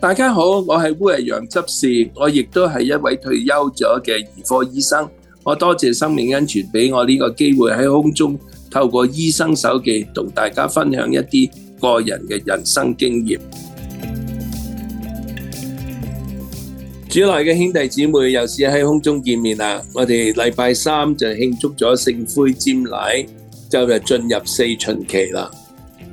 大家好，我係烏日陽執事，我亦都係一位退休咗嘅兒科醫生。我多謝生命恩泉俾我呢個機會喺空中透過醫生手記同大家分享一啲個人嘅人生經驗。主內嘅兄弟姊妹，又是喺空中見面啦！我哋禮拜三就慶祝咗聖灰瞻禮，就係進入四旬期啦。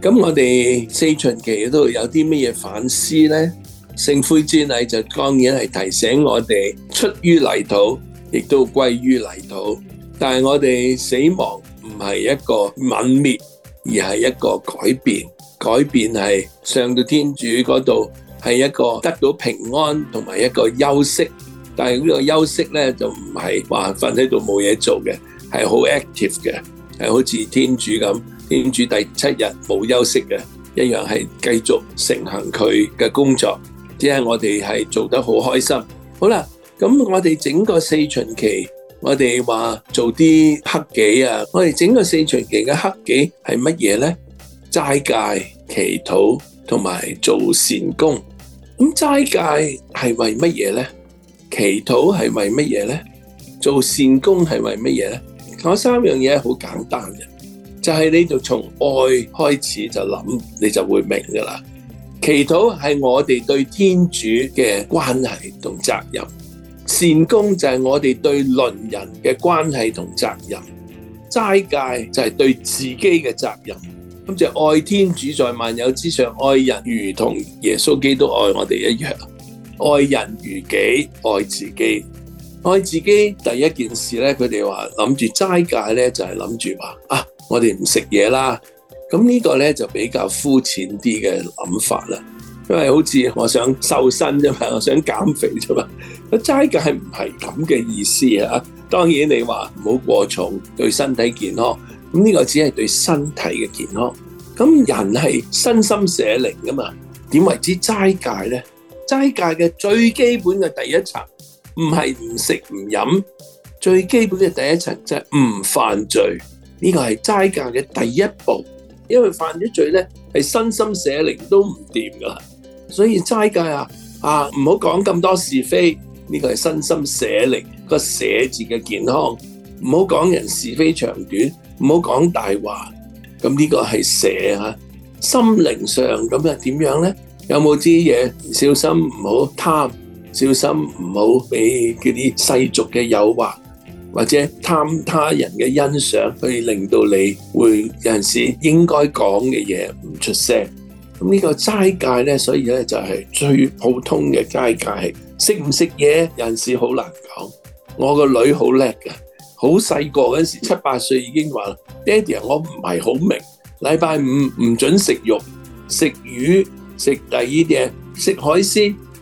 咁我哋四旬期都有啲咩嘢反思呢？聖灰之禮就當然係提醒我哋出於泥土，亦都歸於泥土。但係我哋死亡唔係一個泯滅，而係一個改變。改變係上到天主嗰度，係一個得到平安同埋一個休息。但係呢個休息呢，就唔係話瞓喺度冇嘢做嘅，係好 active 嘅，係好似天主咁。天主第七日冇休息嘅，一樣係繼續承行佢嘅工作。即係我哋係做得好開心。好啦，咁我哋整個四旬期，我哋話做啲克己啊，我哋整個四旬期嘅克己係乜嘢咧？齋戒、祈禱同埋做善功。咁齋戒係為乜嘢咧？祈禱係為乜嘢咧？做善功係為乜嘢咧？嗰三樣嘢好簡單嘅，就係你就從愛開始就諗，你就會明噶啦。祈禱係我哋對天主嘅關係同責任，善功就係我哋對鄰人嘅關係同責任，齋戒就係對自己嘅責任。咁就愛天主在萬有之上，愛人如同耶穌基督愛我哋一樣，愛人如己，愛自己。愛自己第一件事咧，佢哋話諗住齋戒咧，就係諗住話啊，我哋唔食嘢啦。咁呢個咧就比較膚淺啲嘅諗法啦，因為好似我想瘦身啫嘛，我想減肥啫嘛。齋戒係唔係咁嘅意思啊？當然你話唔好過重對身體健康，咁呢個只係對身體嘅健康。咁人係身心社靈噶嘛？點為之齋戒咧？齋戒嘅最基本嘅第一層唔係唔食唔飲，最基本嘅第一層即係唔犯罪。呢個係齋戒嘅第一步。因為犯咗罪咧，係身心社靈都唔掂噶啦，所以齋戒啊啊，唔好講咁多是非，呢個係身心社靈個社字嘅健康，唔好講人是非長短，唔好講大話，咁呢個係社吓，心靈上咁又點樣咧？有冇啲嘢，小心唔好貪，小心唔好俾嗰啲世俗嘅誘惑。或者貪他人嘅欣賞，可以令到你會有陣時應該講嘅嘢唔出聲。咁呢個齋戒呢，所以呢就係最普通嘅齋戒，食唔食嘢，有陣時好難講。我個女好叻嘅，好細個嗰陣時，七八歲已經話，爹哋，我唔係好明，禮拜五唔準食肉、食魚、食第二嘢、食海鮮。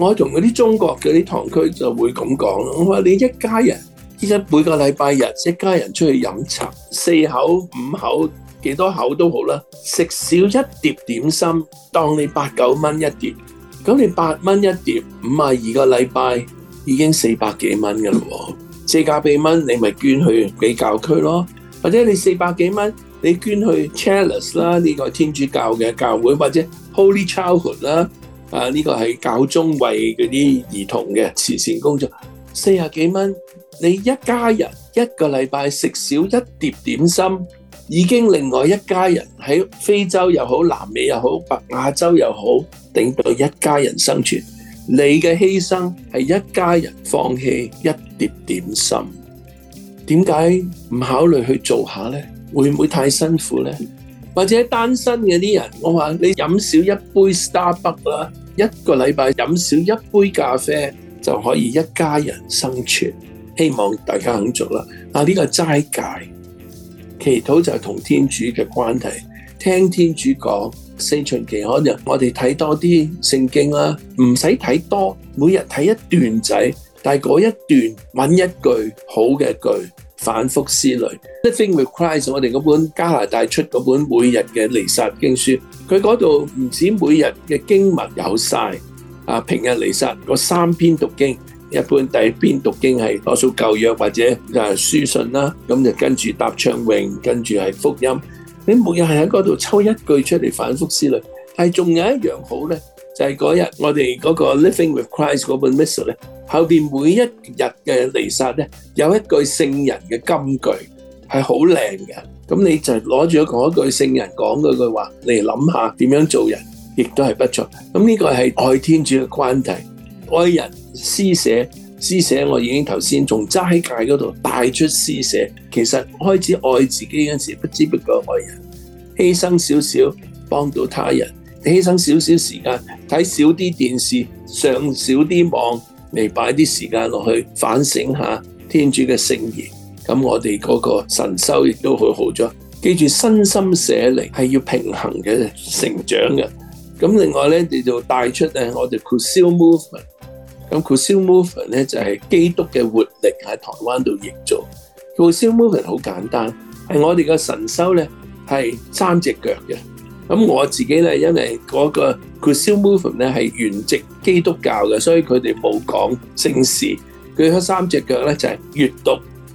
我同嗰啲中國嗰啲堂區就會咁講，我話你一家人依家每個禮拜日一家人出去飲茶，四口五口幾多口都好啦，食少一碟點心當你八九蚊一碟，咁你八蚊一碟五十二個禮拜已經四百幾蚊噶啦，借價幾蚊你咪捐去俾教區咯，或者你四百幾蚊你捐去 Chalice 啦，呢個天主教嘅教會，或者 Holy Childhood 啦。啊！呢個係教中為嗰啲兒童嘅慈善工作，四十幾蚊，你一家人一個禮拜食少一碟點心，已經另外一家人喺非洲又好、南美又好、白亞洲又好，頂到一家人生存。你嘅犧牲係一家人放棄一碟點心，點解唔考慮去做下呢？會唔會太辛苦呢？或者單身嘅啲人，我話你飲少一杯 Starbucks 啦，一個禮拜飲少一杯咖啡就可以一家人生存。希望大家肯做啦。嗱、啊，呢個齋戒、祈禱就係同天主嘅關係，聽天主講。四旬期嗰日，我哋睇多啲聖經啦，唔使睇多，每日睇一段仔，但係嗰一段揾一句好嘅句。反覆思慮，即係 thing requires 我哋嗰本加拿大出嗰本每日嘅彌撒經書，佢嗰度唔止每日嘅經文有晒，啊平日彌撒嗰三篇讀經，一般第一篇讀經係多數舊約或者啊書信啦，咁就跟住答唱詠，跟住係福音，你每日係喺嗰度抽一句出嚟反覆思慮，但係仲有一樣好咧。就係嗰日我哋嗰、那個 Living with Christ 嗰本 missal 咧，後邊每一日嘅彌撒咧有一句聖人嘅金句係好靚嘅，咁你就攞住一嗰句聖人講嘅句話嚟諗下點樣做人，亦都係不錯。咁呢個係愛天主嘅關題，愛人施捨。施捨我已經頭先從齋戒嗰度帶出施捨。其實開始愛自己嗰陣時，不知不覺愛人，犧牲少少，幫到他人，犧牲少少時間。睇少啲電視，上少啲網，嚟擺啲時間落去反省一下天主嘅聖言，咁我哋嗰個神修亦都會好咗。記住身心社靈係要平衡嘅成長嘅。咁另外咧，你就帶出咧，我哋 Cursillo Movement。咁 Cursillo Movement 咧就係、是、基督嘅活力喺台灣度營造。Cursillo Movement 好簡單係我哋嘅神修咧係三隻腳嘅。咁我自己咧，因為嗰個 Cursillo Movement 咧係原籍基督教嘅，所以佢哋冇講聖事。佢三隻腳咧就係閱讀、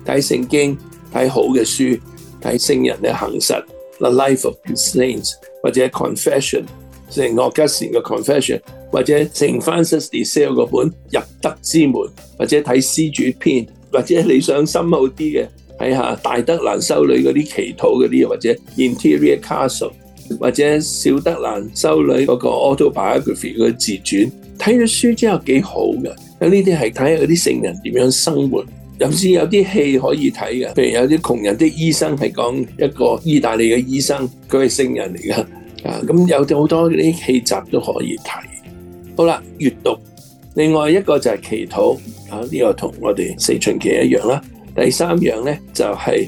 睇聖經、睇好嘅書、睇聖人嘅行實，The Life of Saints 或者 Confession，聖奧格斯廷嘅 Confession，或者聖 Francis de Sales 嗰本入德之門，或者睇師主篇，或者你想深奧啲嘅睇下大德蘭修女嗰啲祈禱嗰啲，或者 Interior Castle。或者小德蘭修女嗰個 autobiography 嗰個自傳，睇咗書之後幾好噶。咁呢啲係睇下啲聖人點樣生活，甚至有啲戲可以睇嘅。譬如有啲窮人啲醫生係講一個意大利嘅醫生，佢係聖人嚟噶。啊，咁有啲好多啲戲集都可以睇。好啦，閱讀，另外一個就係祈禱啊，呢個同我哋四旬期一樣啦。第三樣咧就係。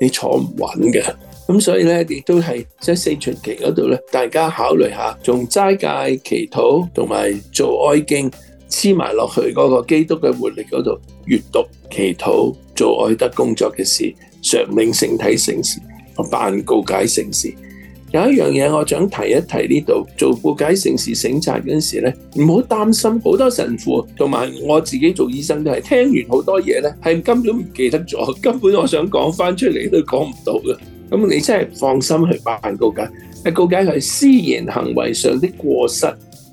你坐唔穩嘅，咁所以咧，亦都係即係四旬期嗰度咧，大家考慮下，從齋戒、祈禱同埋做愛經黐埋落去嗰個基督嘅活力嗰度，閲讀、祈禱、做愛德工作嘅事，常領聖體、聖事，辦告解聖事。有一樣嘢，我想提一提呢度做告解聖事省察嗰陣時咧，唔好擔心。好多神父同埋我自己做醫生都係聽完好多嘢咧，係根本唔記得咗，根本我想講翻出嚟都講唔到嘅。咁你真係放心去辦告解。告解係私人行為上的過失，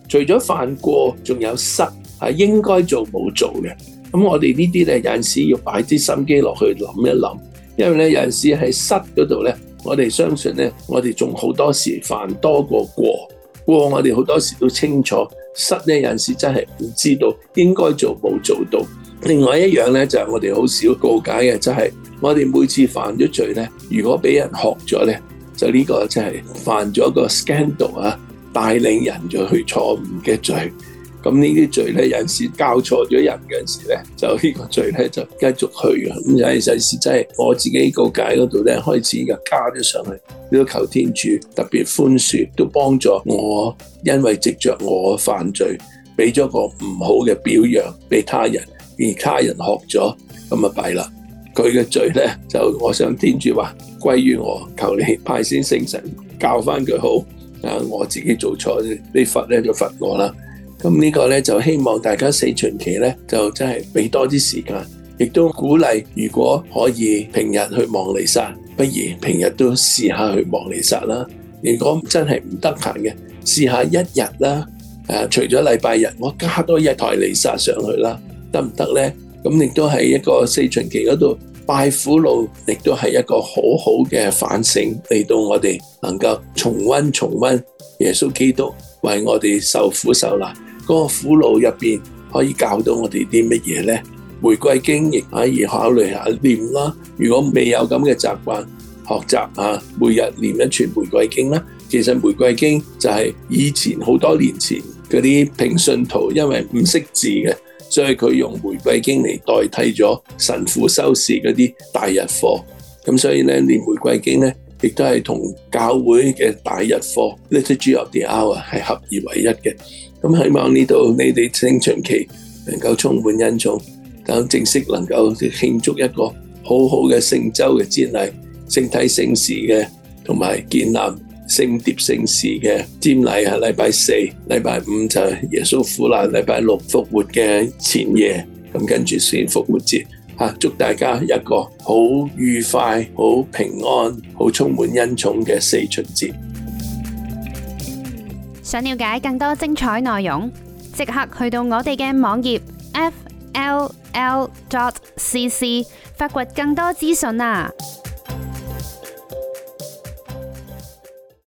除咗犯過，仲有失係應該做冇做嘅。咁我哋呢啲咧有陣時要擺啲心機落去諗一諗，因為咧有陣時喺失嗰度咧。我哋相信呢，我哋仲好多時犯多過過過，我哋好多時都清楚，失呢有時真係唔知道，應該做冇做到。另外一樣呢，就係我哋好少告解嘅，就係我哋每次犯咗罪呢，如果俾人學咗呢，就呢個即係犯咗個 scandal 啊，帶領人就去錯誤嘅罪。咁呢啲罪咧，有陣時教錯咗人嘅陣時咧，就呢個罪咧就繼續去嘅。咁有陣時真係我自己告界解嗰度咧，開始又加咗上去，都求天主特別寬恕，都幫助我，因為藉着我犯罪，俾咗個唔好嘅表揚俾他人，而他人學咗，咁啊弊啦。佢嘅罪咧就，我向天主話歸於我，求你派先聖神教翻佢好啊！我自己做錯啲，罰咧就罰我啦。咁呢個呢，就希望大家四旬期呢，就真係俾多啲時間，亦都鼓勵如果可以平日去望彌撒，不如平日都試下去望彌撒啦。如果真係唔得閒嘅，試下一日啦，啊，除咗禮拜日，我加多一台彌撒上去啦，得唔得呢？咁亦都喺一個四旬期嗰度，拜苦路亦都係一個好好嘅反省，嚟到我哋能夠重溫重溫耶穌基督為我哋受苦受難。嗰個苦路入邊可以教到我哋啲乜嘢呢？玫瑰經亦可以考慮一下念啦。如果未有咁嘅習慣，學習啊，每日念一串玫瑰經啦。其實玫瑰經就係以前好多年前嗰啲平信徒，因為唔識字嘅，所以佢用玫瑰經嚟代替咗神父修士嗰啲大日課。咁所以呢，念玫瑰經呢，亦都係同教會嘅大日課 Liturgy of the Hours 係合而為一嘅。咁希望呢度你哋四旬期能夠充滿恩寵，咁正式能夠慶祝一個好好嘅聖週嘅瞻禮，聖體聖事嘅，同埋建立聖秩聖事嘅。瞻禮係禮拜四、禮拜五就係耶穌苦難，禮拜六復活嘅前夜，咁跟住先復活節。祝大家一個好愉快、好平安、好充滿恩寵嘅四旬節。想了解更多精彩內容，即刻去到我哋嘅網頁 f l l dot c c，發掘更多資訊啊！